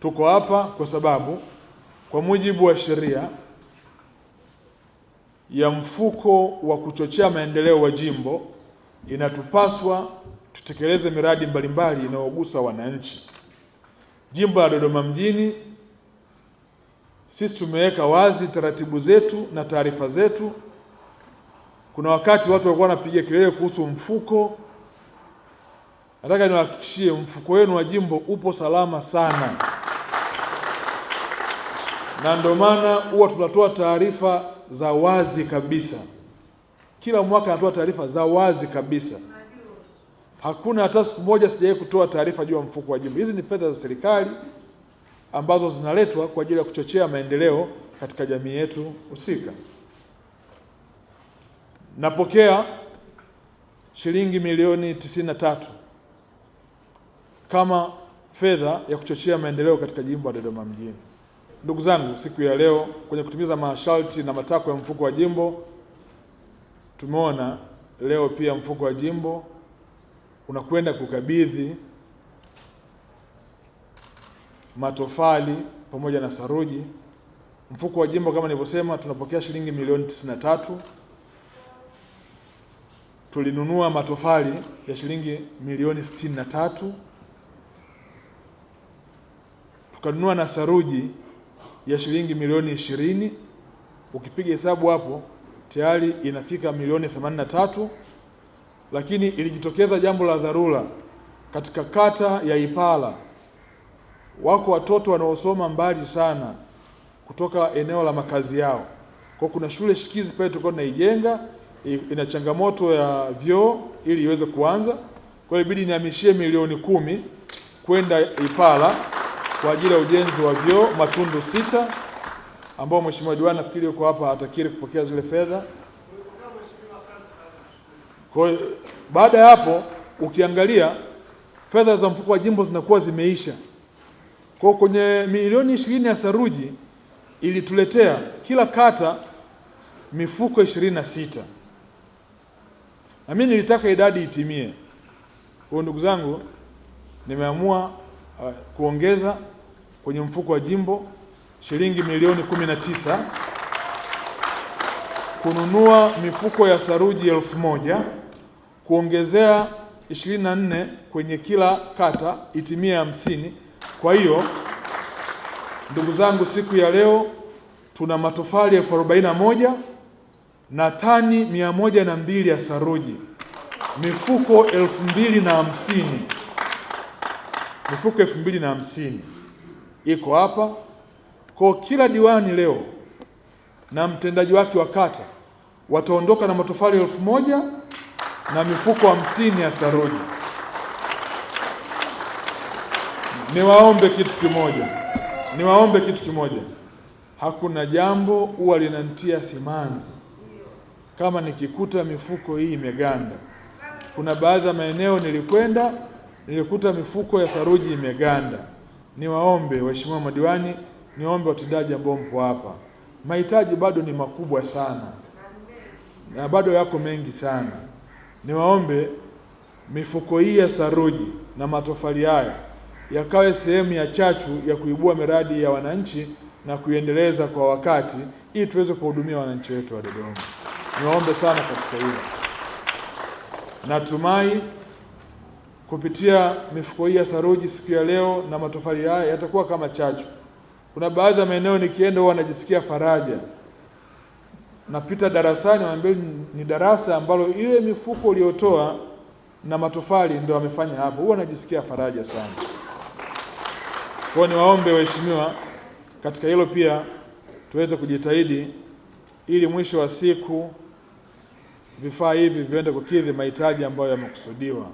Tuko hapa kwa sababu kwa mujibu wa sheria ya mfuko wa kuchochea maendeleo wa jimbo inatupaswa tutekeleze miradi mbalimbali inayogusa wananchi. Jimbo la Dodoma mjini sisi tumeweka wazi taratibu zetu na taarifa zetu. Kuna wakati watu walikuwa wanapiga kelele kuhusu mfuko. Nataka niwahakikishie mfuko wenu wa jimbo upo salama sana na ndio maana huwa tunatoa taarifa za wazi kabisa. Kila mwaka anatoa taarifa za wazi kabisa. Hakuna hata siku moja sijawahi kutoa taarifa juu ya mfuko wa jimbo Hizi ni fedha za serikali ambazo zinaletwa kwa ajili ya kuchochea maendeleo katika jamii yetu husika. Napokea shilingi milioni tisini na tatu kama fedha ya kuchochea maendeleo katika jimbo la Dodoma mjini. Ndugu zangu, siku ya leo kwenye kutimiza masharti na matakwa ya mfuko wa jimbo, tumeona leo pia mfuko wa jimbo unakwenda kukabidhi matofali pamoja na saruji. Mfuko wa jimbo kama nilivyosema, tunapokea shilingi milioni tisini na tatu. Tulinunua matofali ya shilingi milioni sitini na tatu tukanunua na saruji ya shilingi milioni ishirini. Ukipiga hesabu hapo tayari inafika milioni themanini na tatu, lakini ilijitokeza jambo la dharura katika kata ya Ipala. Wako watoto wanaosoma mbali sana kutoka eneo la makazi yao, kwa kuna shule shikizi pale tulikuwa tunaijenga ina changamoto ya vyoo ili iweze kuanza, kwa hiyo ibidi nihamishie milioni kumi kwenda Ipala kwa ajili ya ujenzi wa vyoo matundu sita ambao mheshimiwa diwani nafikiri yuko hapa atakiri kupokea zile fedha. Kwa hiyo baada ya hapo ukiangalia fedha za mfuko wa jimbo zinakuwa zimeisha. Kwa kwenye milioni ishirini ya saruji ilituletea kila kata mifuko ishirini na sita na mimi nilitaka idadi itimie. Kwa ndugu zangu, nimeamua uh, kuongeza kwenye mfuko wa jimbo shilingi milioni 19 kununua mifuko ya saruji elfu moja kuongezea 24 kwenye kila kata itimie hamsini. Kwa hiyo ndugu zangu, siku ya leo tuna matofali elfu arobaini na moja na tani mia moja na mbili ya saruji, mifuko elfu mbili na hamsini mifuko elfu mbili na hamsini iko hapa. Kwa kila diwani leo na mtendaji wake wa kata wataondoka na matofali elfu moja na mifuko hamsini ya saruji. Niwaombe kitu kimoja, niwaombe kitu kimoja. Hakuna jambo huwa linantia simanzi kama nikikuta mifuko hii imeganda. Kuna baadhi ya maeneo nilikwenda, nilikuta mifuko ya saruji imeganda niwaombe waheshimiwa madiwani, niwaombe watendaji ambao mpo hapa, mahitaji bado ni makubwa sana na bado yako mengi sana. Niwaombe mifuko hii ya saruji na matofali haya yakawe sehemu ya chachu ya kuibua miradi ya wananchi na kuiendeleza kwa wakati, ili tuweze kuwahudumia wananchi wetu wa Dodoma. Niwaombe sana katika hilo, natumai kupitia mifuko hii ya saruji siku ya leo na matofali haya yatakuwa kama chachu. Kuna baadhi ya maeneo nikienda huwa najisikia faraja, napita darasani naambia ni darasa ambalo ile mifuko uliotoa na matofali ndio wamefanya hapo, huwa najisikia faraja sana. Kwa ni niwaombe waheshimiwa, katika hilo pia tuweze kujitahidi ili mwisho wa siku vifaa hivi viende kukidhi mahitaji ambayo yamekusudiwa.